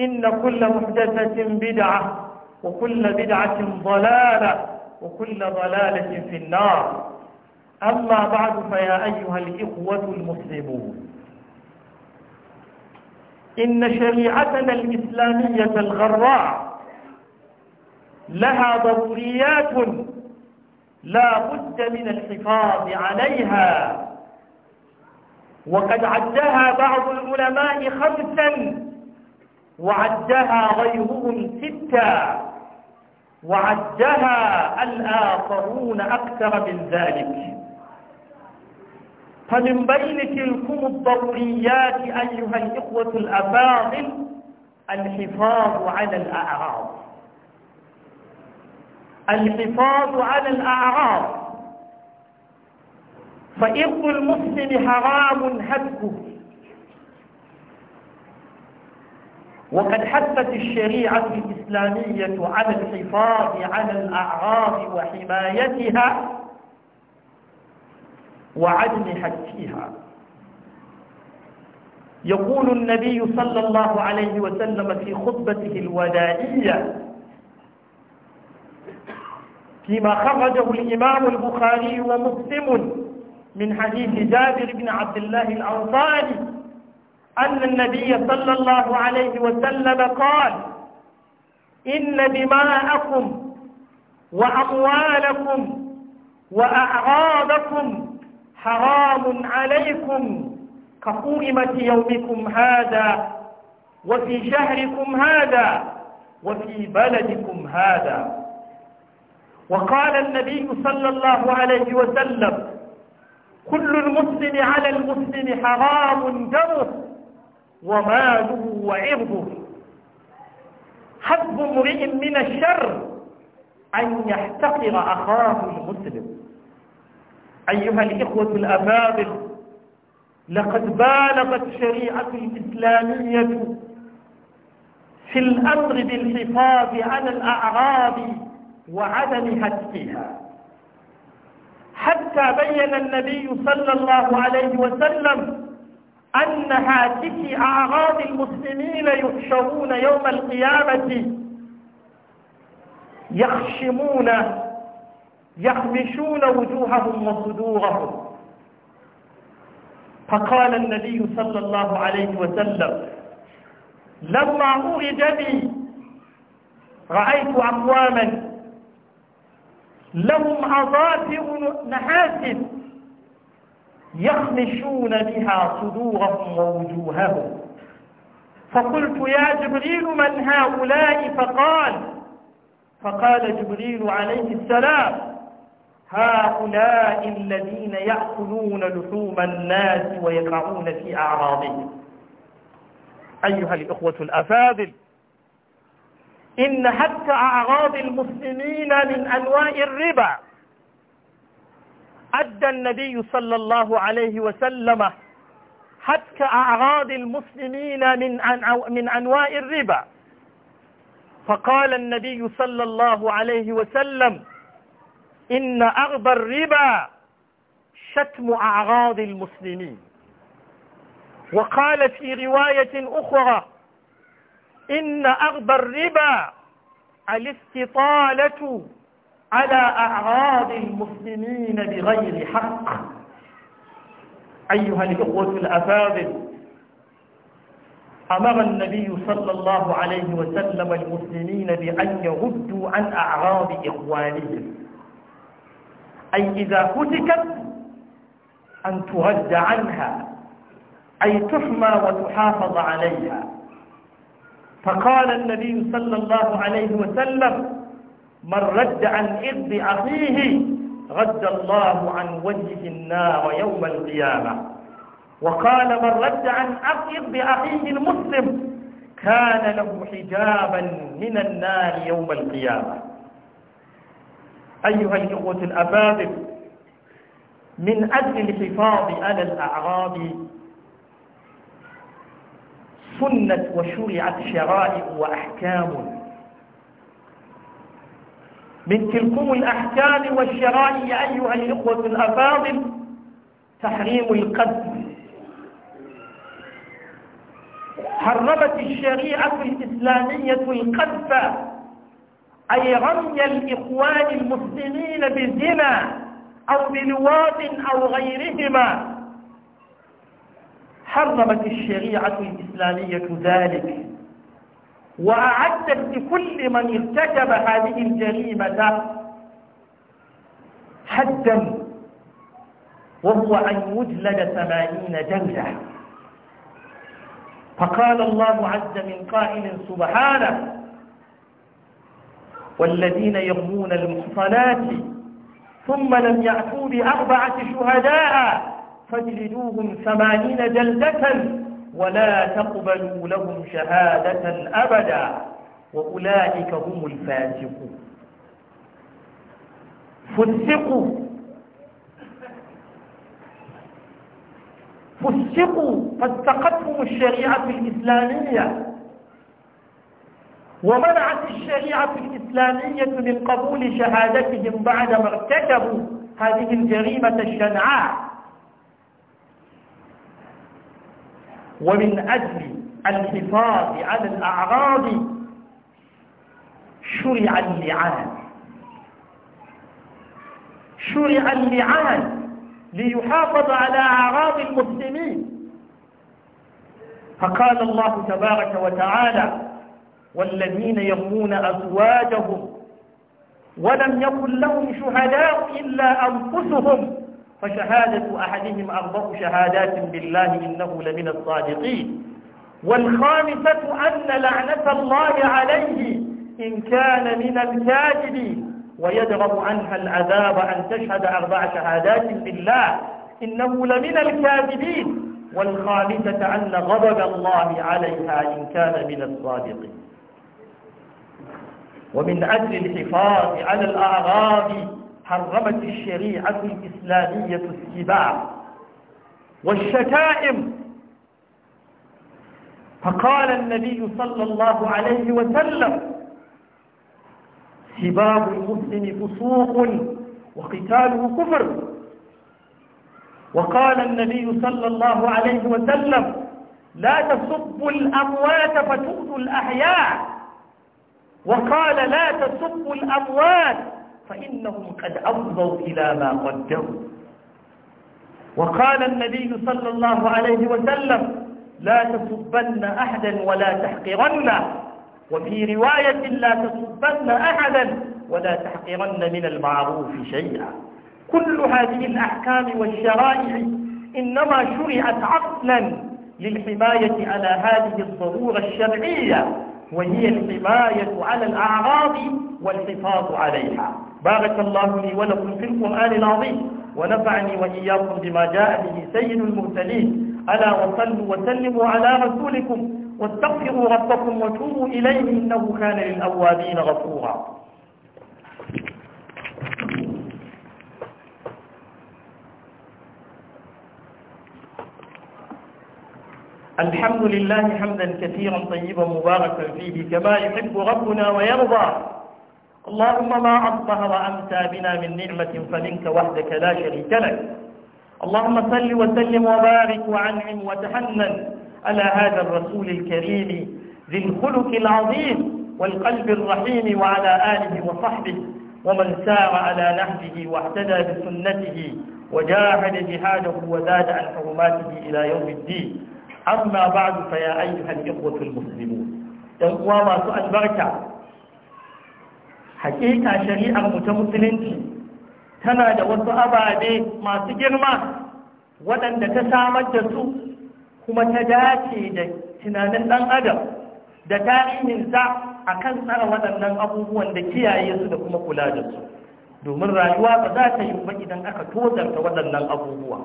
إن كل محدثة بدعة وكل بدعة ضلالة وكل ضلالة في النار أما بعد فيا أيها الإخوة المسلمون إن شريعتنا الإسلامية الغراء لها ضروريات لا بد من الحفاظ عليها وقد عدها بعض العلماء خمساً وعدها غيرهم ستا وعدها الآخرون أكثر من ذلك فمن بين تلكم الضروريات أيها الإخوة الأفاضل الحفاظ على الأعراض الحفاظ على الأعراض فإرض المسلم حرام هتكه وقد حثت الشريعة الإسلامية على الحفاظ على الأعراض وحمايتها وعدم حكيها يقول النبي صلى الله عليه وسلم في خطبته الودائية فيما خرجه الإمام البخاري ومسلم من حديث جابر بن عبد الله الأنصاري أن النبي صلى الله عليه وسلم قال إن دماءكم وأموالكم وأعراضكم حرام عليكم كقومة يومكم هذا وفي شهركم هذا وفي بلدكم هذا وقال النبي صلى الله عليه وسلم كل المسلم على المسلم حرام دمه وماله وعرضه حظ امرئ من الشر أن يحتقر أخاه المسلم أيها الإخوة الأفاضل لقد بالغت الشريعة الإسلامية في الأمر بالحفاظ على الأعراض وعدم هتكها حتى بين النبي صلى الله عليه وسلم أن هاتف أعراض المسلمين يحشرون يوم القيامة يخشمون يخمشون وجوههم وصدورهم فقال النبي صلى الله عليه وسلم لما أورد بي رأيت أقواما لهم أظافر نحاسب يخمشون بها صدورهم ووجوههم فقلت يا جبريل من هؤلاء فقال فقال جبريل عليه السلام هؤلاء الذين يأكلون لحوم الناس ويقعون في أعراضهم أيها الإخوة الأفاضل إن حتى أعراض المسلمين من أنواع الربا أدى النبي صلى الله عليه وسلم حتى أعراض المسلمين من, من أنواع الربا فقال النبي صلى الله عليه وسلم إن أغبى الربا شتم أعراض المسلمين وقال في رواية أخرى إن أغبى الربا الاستطالة على أعراض المسلمين بغير حق أيها الإخوة الأفاضل أمر النبي صلى الله عليه وسلم المسلمين بأن يردوا عن أعراض إخوانهم أي إذا فتكت أن ترد عنها أي تحمى وتحافظ عليها فقال النبي صلى الله عليه وسلم من رد عن إرض أخيه رد الله عن وجهه النار يوم القيامة وقال من رد عن أرض أخيه المسلم كان له حجابا من النار يوم القيامة أيها الإخوة الأبابل من أجل الحفاظ على الأعراض سنت وشرعت شرائع وأحكام من تلكم الأحكام والشرائع أيها الإخوة الأفاضل تحريم القتل حرمت الشريعة الإسلامية القذف أي رمي الإخوان المسلمين بزنا أو بلواط أو غيرهما حرمت الشريعة الإسلامية ذلك وأعدت لكل من ارتكب هذه الجريمة حدا وهو أن يجلد ثمانين جلدة فقال الله عز من قائل سبحانه والذين يرمون المحصنات ثم لم يأتوا بأربعة شهداء فاجلدوهم ثمانين جلدة ولا تقبلوا لهم شهادة أبدا وأولئك هم الفاسقون فسقوا فسقوا فاستقتهم الشريعة الإسلامية ومنعت الشريعة الإسلامية من قبول شهادتهم بعدما ارتكبوا هذه الجريمة الشنعاء ومن أجل الحفاظ على الأعراض شرع اللعان شرع اللعان ليحافظ على أعراض المسلمين فقال الله تبارك وتعالى والذين يرمون أزواجهم ولم يكن لهم شهداء إلا أنفسهم فشهادة أحدهم أربع شهادات بالله إنه لمن الصادقين والخامسة أن لعنة الله عليه إن كان من الكاذبين ويدرب عنها العذاب أن تشهد أربع شهادات بالله إنه لمن الكاذبين والخامسة أن غضب الله عليها إن كان من الصادقين ومن أجل الحفاظ على الأعراض حرمت الشريعة الإسلامية السباع والشتائم فقال النبي صلى الله عليه وسلم سباب المسلم فسوق وقتاله كفر وقال النبي صلى الله عليه وسلم لا تسبوا الأموات فتؤذوا الأحياء وقال لا تسبوا الأموات فإنهم قد أفضوا إلى ما قدموا وقال النبي صلى الله عليه وسلم لا تسبن أحدا ولا تحقرن وفي رواية لا تسبن أحدا ولا تحقرن من المعروف شيئا كل هذه الأحكام والشرائع إنما شرعت عقلا للحماية على هذه الضرورة الشرعية وهي الحماية على الأعراض والحفاظ عليها بارك الله لي ولكم في القرآن العظيم ونفعني وإياكم بما جاء به سيد المرسلين ألا وصلوا وسلموا على رسولكم واستغفروا ربكم وتوبوا إليه إنه كان للأوابين غفورا الحمد لله حمدا كثيرا طيبا مباركا فيه كما يحب ربنا ويرضى اللهم ما أصبح وأمسى بنا من نعمة فمنك وحدك لا شريك لك اللهم صل وسلم وبارك وعنهم وتحنن على هذا الرسول الكريم ذي الخلق العظيم والقلب الرحيم وعلى آله وصحبه ومن سار على نهجه واهتدى بسنته وجاهد جهاده وزاد عن حرماته إلى يوم الدين أما بعد فيا أيها الإخوة المسلمون يوم ما سؤال بركة hakika shari'ar mu ta musulunci tana da wasu ababe masu girma waɗanda ta samar da su kuma ta dace da tunanin ɗan adam da tarihinsa a kan tsara waɗannan abubuwan da kiyaye su da kuma kula da su domin rayuwa ba za ta yi ba idan aka tozarta waɗannan abubuwa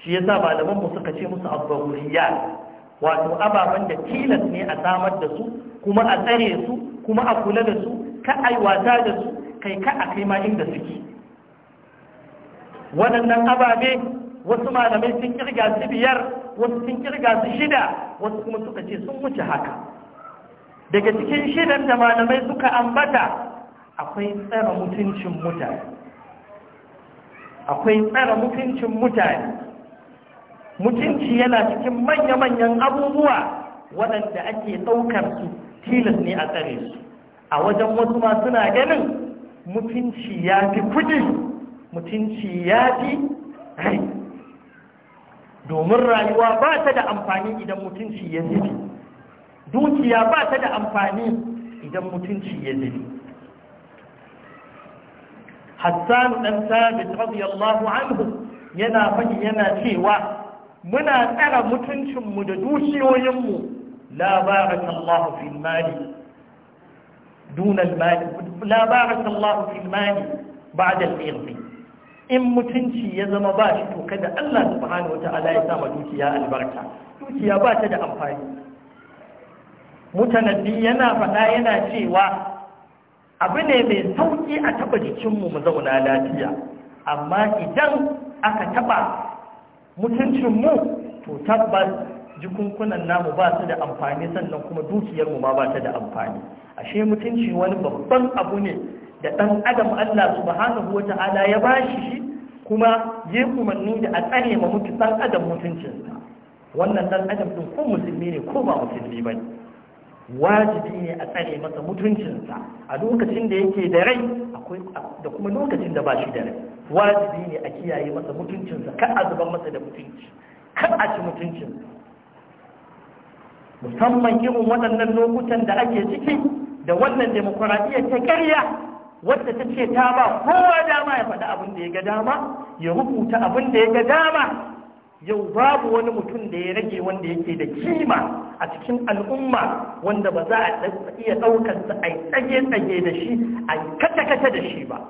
shi yasa malaman mu suka ce musu abbaruriya wato ababen da tilas ne a samar da su kuma a tsare su kuma a kula da su ka aiwata wata da su kai ka a kai ma inda suke waɗannan ababe wasu malamai sun kirga su biyar wasu sun kirga su shida wasu kuma suka ce sun wuce haka daga cikin shidan da malamai suka ambata akwai tsara mutuncin mutane akwai tsara mutuncin mutane mutunci yana cikin manya-manyan abubuwa waɗanda ake ɗaukar su tilas ne a tsare su a wajen wasu ma suna ganin mutunci ya fi kudi mutunci ya fi rai domin rayuwa ba ta da amfani idan mutunci ya zibi dukiya ba ta da amfani idan mutunci ya zibi hassan ɗan sabit radiyallahu anhu yana faɗi yana cewa muna tsara mutuncinmu da dukiyoyinmu labarin Allah fil mali دون المال لا بارك الله في المال بعد الإرض in mutunci ya zama ba shi to kada Allah subhanahu wata'ala ya sama dukiya albarka dukiya ba ta da amfani mutanaddi yana faɗa yana cewa abu ne mai sauƙi a taɓa jikinmu mu zauna lafiya amma idan aka taɓa mutuncinmu to tabbas jikunkunan namu ba su da amfani sannan kuma dukiyarmu ma ba ta da amfani ashe mutunci wani babban abu ne da dan adam Allah subhanahu wata'ala ya bashi shi kuma ya umarni da a tsare ma mutu dan adam mutuncinsa wannan dan adam ɗin ko musulmi ne ko ba musulmi ba wajibi ne a tsare masa mutuncinsa a lokacin da yake da rai da kuma lokacin da ba shi da rai wajibi ne a kiyaye masa mutuncinsa kar a zubar masa da mutunci kar a ci mutuncinsa musamman irin waɗannan lokutan da ake ciki da wannan demokuraɗiyyar ta ƙarya wadda ta ce ta ba kowa dama ya faɗi abin da ya ga dama ya rubuta abin da ya ga dama yau babu wani mutum da ya rage wanda yake da kima a cikin al'umma wanda ba za a iya ɗaukarsa a tsage-tsage da shi a yi kata-kata da shi ba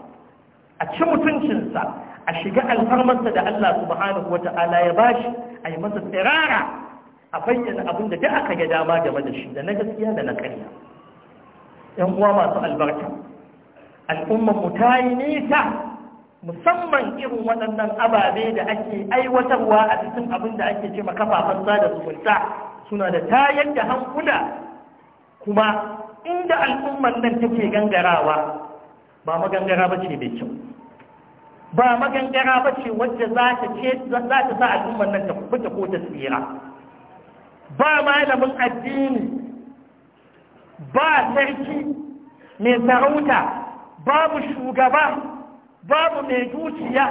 a ci mutuncinsa a shiga alfarmarsa da Allah subhanahu wa ta'ala ya bashi a yi masa tsirara a bayyana abin da aka ga dama game da shi da na gaskiya da na ƙarya yan uwa masu albarka al'ummar mu ta yi nisa musamman irin waɗannan ababe da ake aiwatarwa a cikin abin da ake ce kafafen sada zumunta suna da tayar da hankula kuma inda al'ummar nan take gangarawa ba magangara ba ce mai kyau ba magangara ba ce wacce za ta sa al'ummar nan ta kubuta ko ta tsira ba malamin addini ba sarki mai sarauta babu shugaba babu mai dukiya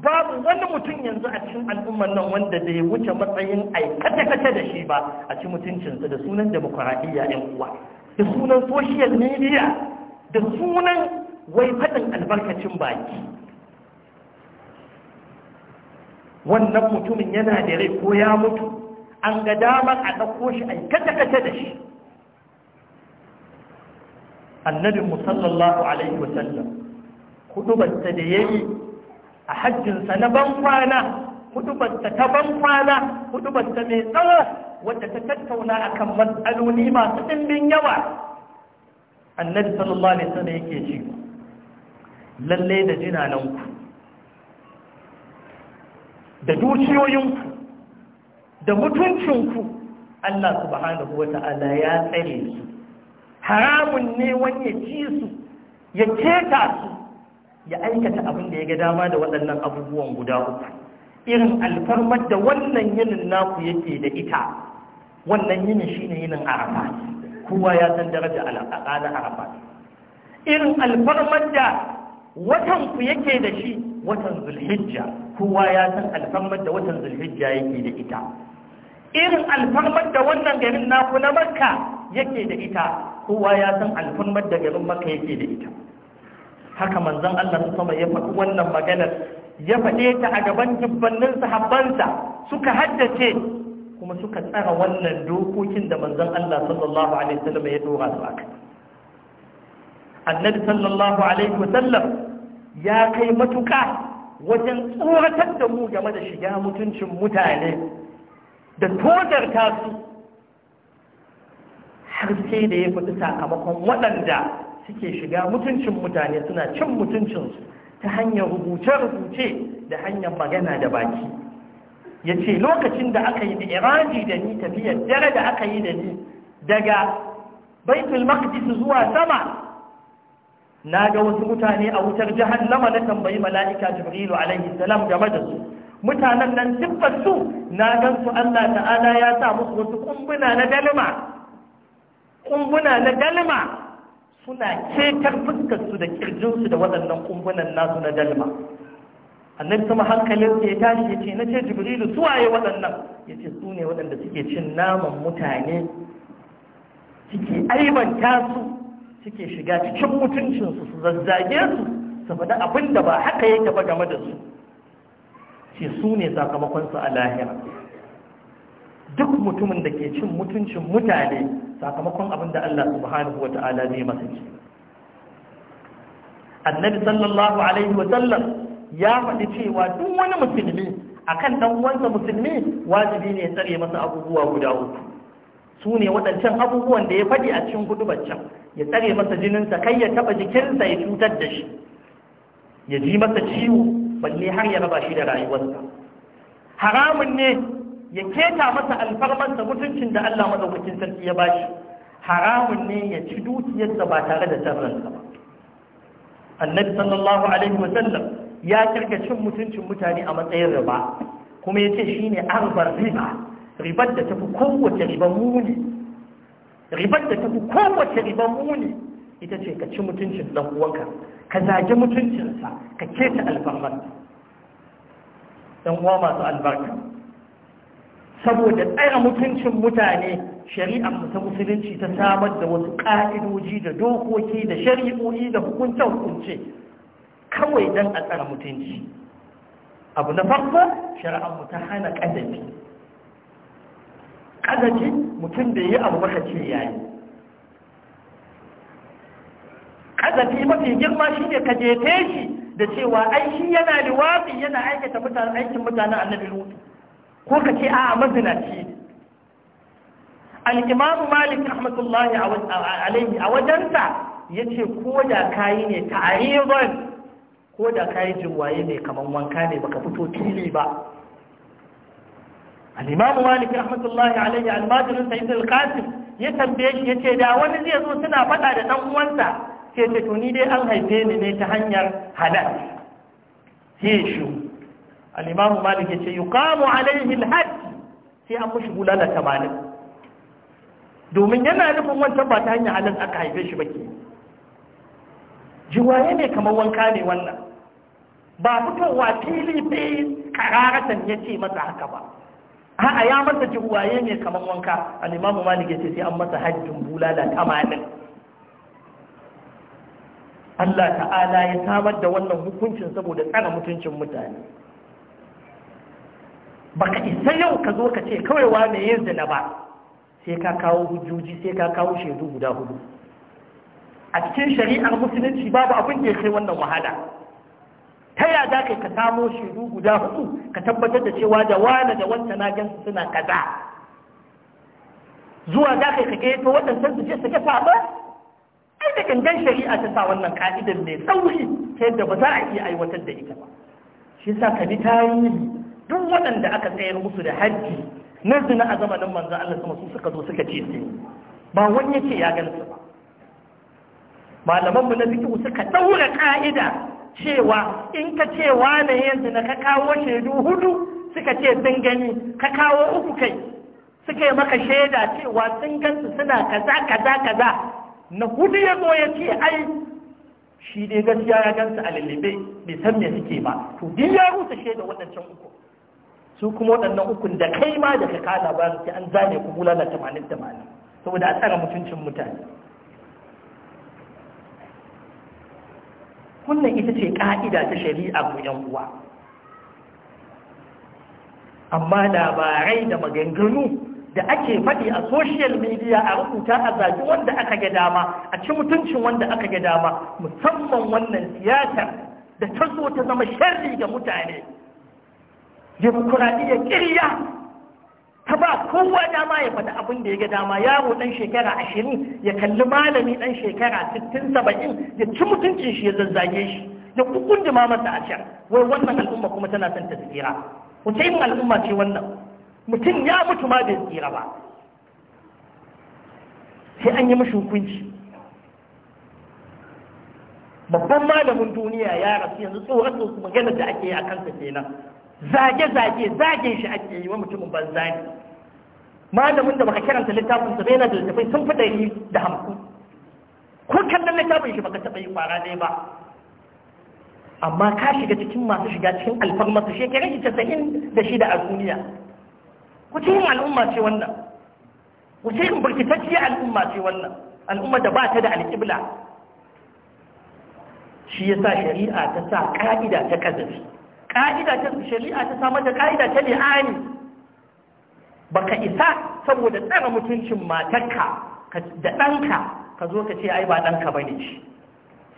babu wani mutum yanzu a cikin al'ummar nan wanda bai wuce matsayin aikata kace da shi ba a ci mutuncinsa da sunan demokuraɗiyya yan uwa da sunan social media da sunan wai faɗin albarkacin baki wannan mutumin yana da rai ko ya mutu an ga damar a ɗauko shi a yi kata-kata da shi annabin musallallahu alaihi wasallam kudubarsa da ya yi a hajjinsa na bankwana, kwana ta bankwana, kwana mai tsawo wadda ta tattauna akan matsaloli masu ɗimbin yawa annabi sallallahu alaihi wasallam yake ce lallai da jinananku da dukiyoyinku da mutuncinku Allah subhanahu wata'ala ya tsare su haramun ne wani ya ci su ya keta su ya aikata abin da ya ga dama da waɗannan abubuwan guda uku irin alfarmar da wannan yinin naku yake da ita wannan yinin shine yinin arafa kowa ya san daraja al'ada arafa irin alfarmar da watan ku yake da shi watan zulhijja kowa ya san alfarmar da watan zulhijja yake da ita irin alfarmar da wannan garin naku na makka yake da ita kowa ya san alfarmar da garin makka yake da ita haka manzon Allah su sama ya faɗi wannan maganar ya faɗe ta a gaban dubbannin sahabbansa suka haddace kuma suka tsara wannan dokokin da manzon Allah sallallahu alaihi wasallam ya dora su aka annabi sallallahu alaihi wasallam ya kai matuƙa wajen tsoratar da mu game da shiga mutuncin mutane da tozarta su har sai da ya faɗi sakamakon waɗanda suke shiga mutuncin mutane suna cin mutuncinsu ta hanyar rubuce-rubuce da hanyar magana da baki ya ce lokacin da aka yi da iraji da ni tafiyar dare da aka yi da ni daga baitul Makdis zuwa sama na ga wasu mutane a wutar jihar lama na tambayi mala'ika jibrilu alaihi salam game da su mutanen nan dubban su na gan su Allah ta'ala ya sa musu wasu kumbuna na dalma kumbuna na dalma suna cetar fuskar su da kirjin su da waɗannan kumbunan nasu na dalma annabi kuma hankalin ya tashi ya ce na ce jibrilu su waye waɗannan ya ce su ne waɗanda suke cin naman mutane suke aibanta su suke shiga cikin mutuncinsu su zazzage su su faɗi da ba haka yake ba game da su ce su ne sakamakonsu a lahira duk mutumin da ke cin mutuncin mutane sakamakon abin da Allah subhanahu wa ta'ala zai masa ce annabi sallallahu alaihi wa sallam ya faɗi cewa duk wani musulmi akan dan uwansa musulmi wajibi ne ya tsare masa abubuwa guda uku su ne waɗancan abubuwan da ya faɗi a cikin can ya tsare masa jinin sa kai ya taɓa jikinsa ya cutar da shi ya ji masa ciwo balle har ya raba shi da rayuwarsa haramun ne ya keta masa alfarmansa mutuncin da Allah madaukakin sarki ya bashi haramun ne ya ci dukiyarsa ba tare da sarransa ba annabi sallallahu alaihi wa sallam ya kirka cin mutuncin mutane a matsayin riba kuma ya ce shine arbar riba ribar da tafi kowace muni ribar da tafi kowace muni ita ce ka ci mutuncin ɗan uwanka ka zage mutuncinsa ka keta albarka. ɗan uwa masu albarka saboda tsaya mutuncin mutane shari'ar ta musulunci ta samar da wasu ƙa'idoji da dokoki da shari'o'i da hukunce hukunce kawai dan a tsara mutunci abu na farko shari'a mu ta hana ƙadafi ƙadafi mutum da ya yi abu maka ce yayi hazafi mafi girma shi ne ka jefe shi da cewa ai shi yana liwafi yana aikata mutanen aikin mutanen annabi lutu ko ka ce a'a mazinaci ne al-imamu malik rahmatullahi alaihi a wajensa yace ko da kayi ne ta'riban ko da kayi waye ne kaman wanka ne baka fito fili ba al-imamu malik rahmatullahi alaihi al-majlis sayyid al-qasim ya tambaye shi yace da wani zai zo suna fada da dan uwansa sai ce to ni dai an haife ni ne ta hanyar halal sai shi al-imam malik ce yuqamu alayhi al-hadd sai an mushi bulala tamanin domin yana nufin wancan ba ta hanyar halal aka haife shi bake jiwaye ne kamar wanka ne wannan ba fitowa fili sai kararatan ya ce masa haka ba a'a ya masa jiwaye ne kamar wanka al-imam malik ce sai an masa hajjin bulala tamanin Allah ta'ala ya samar da wannan hukuncin saboda tsara mutuncin mutane baka isa yau ka zo ka ce kawai wa mai yin zina ba sai ka kawo hujjoji sai ka kawo shaidu guda hudu a cikin shari'ar musulunci babu abin da ya kai wannan wahala ta ya za kai ka samo shaidu guda hudu ka tabbatar da cewa da wane da wanta na su suna kaza zuwa za kai ka ta waɗancan su je su ga ai da gangan shari'a ta sa wannan ka'idar mai tsauri ta yadda ba za a iya aiwatar da ita ba shi sa ka bi tarihi duk waɗanda aka tsayar musu da hajji na zina a zamanin manzan Allah sama su suka zo suka ce su ba wani yake ya gansu ba malamanmu na su suka ɗaura ka'ida cewa in ka ce wane yanzu na ka kawo shaidu hudu suka ce sun gani ka kawo uku kai suka yi maka shaida cewa sun gansu suna kaza kaza kaza na hudu ya zo ya ce ai shi dai gaskiya ya gansa a lallabe bai san me suke ba to din ya rusa shaida waɗancan uku su kuma waɗannan ukun da kai ma da ka kala ba an zane ku bulala tamanin tamanin saboda a tsara mutuncin mutane wannan ita ce ƙa'ida ta shari'a mu yan uwa amma labarai da maganganu da ake faɗi a social media a rubuta a zaki wanda aka ga dama a ci mutuncin wanda aka ga dama musamman wannan siyasa da ta zo ta zama sharri ga mutane demokuraɗiyyar ƙirya ta ba kowa dama ya faɗi abin da ya ga dama yaro ɗan shekara ashirin ya kalli malami ɗan shekara sittin saba'in ya ci mutuncin shi ya zazzage shi ya kukundima masa a can wai wannan al'umma kuma tana son tasira wace irin al'umma ce wannan mutum ya mutu ma bai tsira ba sai an yi mashi hukunci babban malamin duniya ya rasu yanzu tsohon su magana da ake yi a kansa kenan zage-zage zage shi ake yi wa mutumin banza ne malamin da baka kiranta littafin sa na da littafai sun fi ɗari da hamsin ko kallon littafin shi baka taɓa yi kwara ɗaya ba amma ka shiga cikin masu shiga cikin alfarmasa shekarun shi casa'in da shi a duniya wace yin al'umma ce wannan wace yin burkitacciyar al'umma ce wannan al'umma da ba ta da alƙibla shi ya sa shari'a ta sa ƙa'ida ta ƙazafi ƙa'ida ta shari'a ta samar da ƙa'ida ta li'ani baka isa saboda tsara mutuncin matarka da ɗanka ka zo ka ce ai ba ɗanka ba ne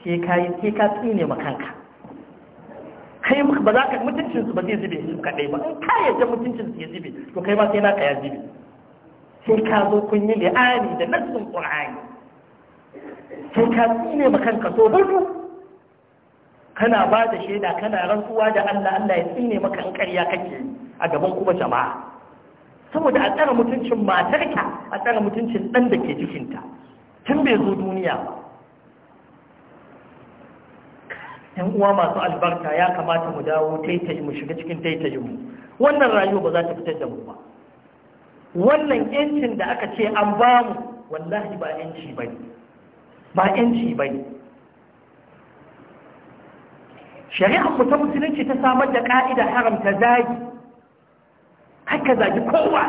shi sai ka tsine ma kanka kai ba za ka mutuncin su ba zai zube su kadai ba in ka yadda mutuncin su ya zube to kai ma sai naka ya zube sai ka zo kun yi li'ani da nassin qur'ani sai ka tsine ma kanka so hudu kana ba da shaida kana rantsuwa da Allah Allah ya tsine maka in ƙarya kake a gaban kuma jama'a saboda a tsara mutuncin matarka a tsara mutuncin dan da ke jikinta tun bai zo duniya ba yan uwa masu albarka ya kamata mu dawo taitaji mu shiga cikin taitaji mu wannan rayuwa ba za ta fitar da mu ba wannan yancin da aka ce an ba mu wallahi ba yanci ba ba yanci ba shari'ar mu ta musulunci ta samar da ka'ida haramta zagi haka zagi kowa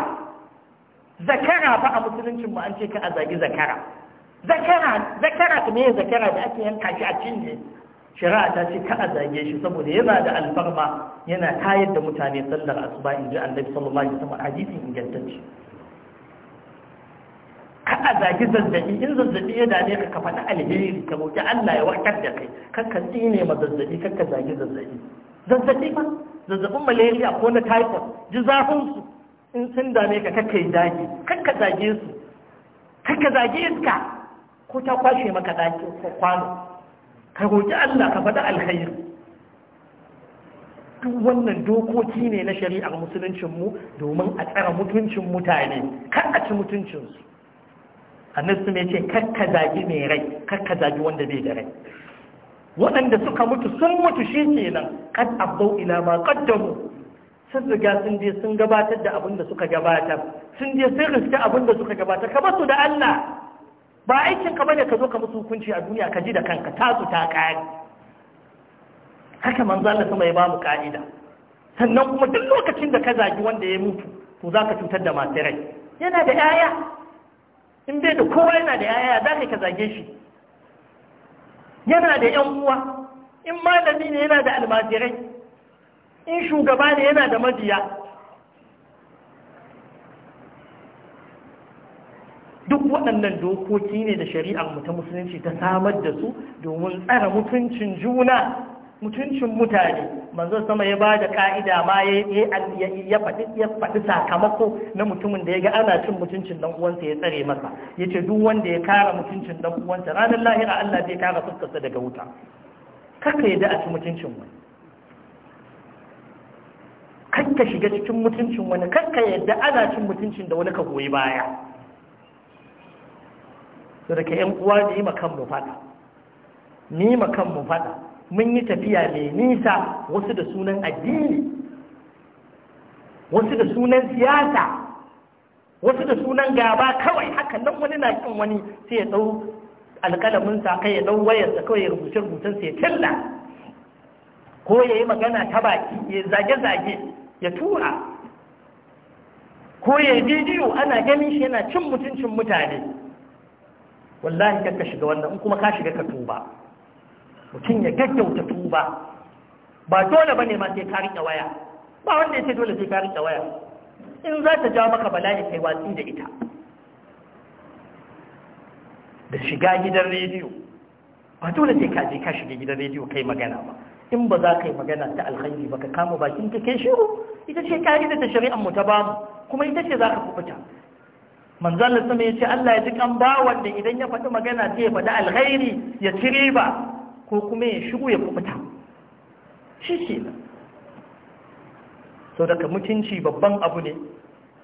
zakara ba a musuluncin mu an ce ka a zagi zakara zakara zakara ta me zakara da ake yanka shi a cinye shari'a ta ce ka a zage shi saboda yana da alfarma yana tayar da mutane sallar asuba in ji annabi sallallahu alaihi wasallam hadisin ingantacce a zage zazzabi in zazzabi ya dame ka ka faɗi alheri ka roki Allah ya warkar da kai tsi tsine ma zazzabi kakka zage zazzabi zazzabi fa zazzabin malaria ko na typhoid ji zafin su in sun dame ka kakka zage kakka zage su kakka zage iska ko ta kwashe maka ɗaki ko kwano ka roƙi Allah ka faɗi alkhairi duk wannan dokoki ne na shari'ar musuluncinmu domin a tsara mutuncin mutane Kan a ci mutuncinsu annabi mai ce 'Kakka zagi mai rai 'Kakka zagi wanda bai da rai waɗanda suka mutu sun mutu shi nan, kan abbau ila ma ƙaddamu. sun riga sun je sun gabatar da abin da suka gabatar sun je sun riske abin da suka gabatar ka basu da Allah ba aikin ka bane ka zo ka musu hukunci a duniya ka ji da kanka tasu ta kare haka manzo Allah sama ya ba mu ka'ida sannan kuma duk lokacin da ka zagi wanda ya mutu to za ka cutar da masu rai yana da yaya in bai da kowa yana da yaya za ka zage shi yana da yan uwa in malami ne yana da almajirai in shugaba ne yana da mabiya duk waɗannan dokoki ne da shari'ar mu ta musulunci ta samar da su domin tsara mutuncin juna mutuncin mutane manzo sama ya bada ka'ida ma ya faɗi sakamako na mutumin da ya ga ana cin mutuncin dan uwansa ya tsare masa ya ce duk wanda ya kara mutuncin dan uwansa ranar lahira Allah zai kara fuskarsa daga wuta kaka ya a ci mutuncin wani kakka shiga cikin mutuncin wani kakka yadda ana cin mutuncin da wani ka goyi baya Daga da ka yan uwa da yi makan mu fada ni makan mu fada mun yi tafiya mai nisa wasu da sunan addini wasu da sunan siyasa wasu da sunan gaba kawai hakan nan wani na kin wani sai ya dau alƙalamin sa kai ya dau wayar sa kawai ya rubuce rubutun sai ya tilla ko ya yi magana ta baki ya zage zage ya tura ko ya bidiyo ana ganin shi yana cin mutuncin mutane wallahi kan ka shiga wannan in kuma ka shiga ka tuba mutum ya gaggauta tuba ba dole bane ma sai ka rike waya ba wanda ya ce dole sai ka rike waya in za ta jawo maka bala'i kai watsi da ita da shiga gidan rediyo ba dole sai ka je ka shiga gidan rediyo kai magana ba in ba za ka yi magana ta alkhairi ba ka kama bakin ka kai shiru ita ce ka'ida ta shari'ar mu ta bamu kuma ita ce za ka kubuta manzon da sama yace Allah ya ji kan ba wanda idan ya faɗi magana sai ya faɗi alghairi ya ci riba ko kuma ya shigo ya kubuta shi ke nan so daga mutunci babban abu ne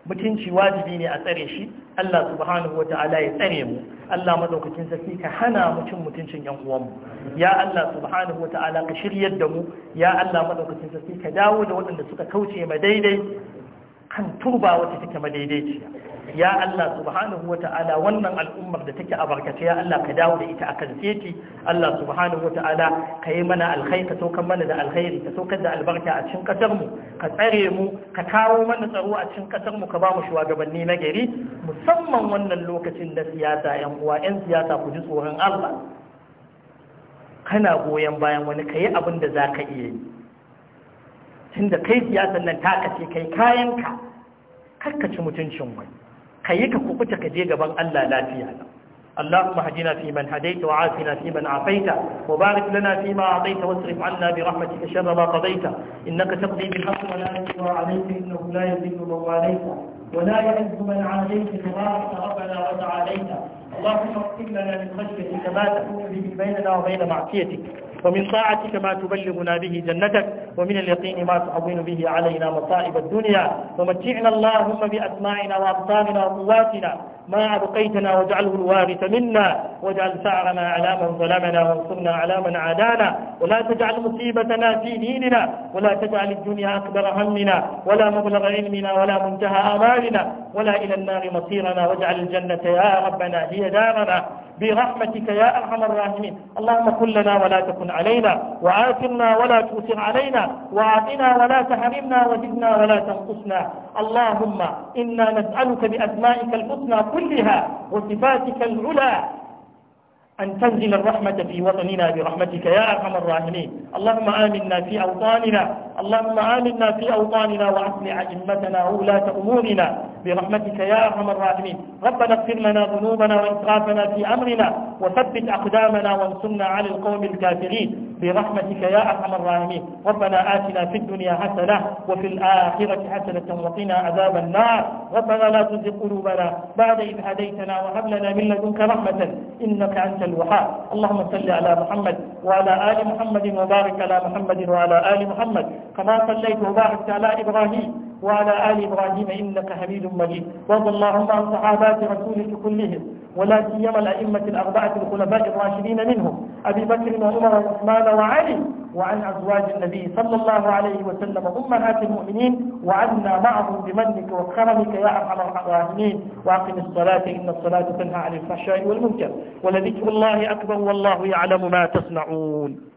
mutunci wajibi ne a tsare shi Allah subhanahu wata'ala ya tsare mu Allah madaukakin sarki ka hana mu cin mutuncin yan mu ya Allah subhanahu wata'ala ka shiryar da mu ya Allah madaukakin sarki ka dawo da waɗanda suka kauce ma daidai kan turba wata take ma ya Allah subhanahu wa ta'ala wannan al'ummar da take a barkace ya Allah ka dawo da ita akan seti Allah subhanahu wa ta'ala ka yi mana alkhairi ka saukar mana da alkhairi ka saukar da albarka a cikin kasar mu ka tsare mu ka kawo mana tsaro a cikin kasar mu ka ba mu shugabanni na gari musamman wannan lokacin da siyasa yan uwa yan siyasa ku ji tsoron Allah kana goyon bayan wani ka yi abin da zaka iya yi tunda kai siyasar nan ta kace kai kayanka kakkaci mutuncin wani kayi ka kubuta ka je gaban Allah lafiya اللهم اهدنا فيمن هديت وعافنا فيمن عافيت وبارك لنا فيما أعطيت واصرف عنا برحمتك شر ما قضيت إنك تقضي بالحق ولا يقضى عليك إنه لا يذل من واليت ولا يعز من عاديت تبارك ربنا وتعاليت اللهم اغفر لنا من خشيتك ما تكون به بيننا وبين معصيتك ومن طاعتك ما تبلغنا به جنتك ومن اليقين ما تعظم به علينا مصائب الدنيا ومتعنا اللهم بأسماعنا وأبطالنا وقواتنا ما أبقيتنا واجعله الوارث منا واجعل سعرنا على من ظلمنا وانصرنا على من عادانا ولا تجعل مصيبتنا في ديننا ولا تجعل الدنيا أكبر همنا ولا مبلغ علمنا ولا منتهى آمالنا ولا إلى النار مصيرنا واجعل الجنة يا ربنا هي دارنا برحمتك يا أرحم الراحمين اللهم كن لنا ولا تكن علينا وآثرنا ولا تؤثر علينا وأعطنا ولا تحرمنا وزدنا ولا تنقصنا اللهم إنا نسألك بأسمائك الحسنى كلها وصفاتك العلى أن تنزل الرحمة في وطننا برحمتك يا أرحم الراحمين اللهم آمنا في أوطاننا اللهم آمنا في أوطاننا وأصلح أئمتنا وولاة أمورنا برحمتك يا أرحم الراحمين ربنا اغفر لنا ذنوبنا وإسرافنا في أمرنا وثبت أقدامنا وانصرنا على القوم الكافرين برحمتك يا أرحم الراحمين ربنا آتنا في الدنيا حسنة وفي الآخرة حسنة وقنا عذاب النار ربنا لا تزغ قلوبنا بعد إذ هديتنا وهب لنا من لدنك رحمة إنك أنت الوهاب اللهم صل على محمد وعلى آل محمد وبارك على محمد وعلى آل محمد كما صليت وباركت على إبراهيم وعلى آل إبراهيم إنك حميد مجيد وارض اللهم عن صحابات رسولك كلهم ولا سيما الأئمة الأربعة الخلفاء الراشدين منهم أبي بكر وعمر وعثمان وعلي وعن أزواج النبي صلى الله عليه وسلم أمهات المؤمنين وعنا معهم بمنك وكرمك يا أرحم الراحمين وأقم الصلاة إن الصلاة تنهى عن الفحشاء والمنكر ولذكر الله أكبر والله يعلم ما تصنعون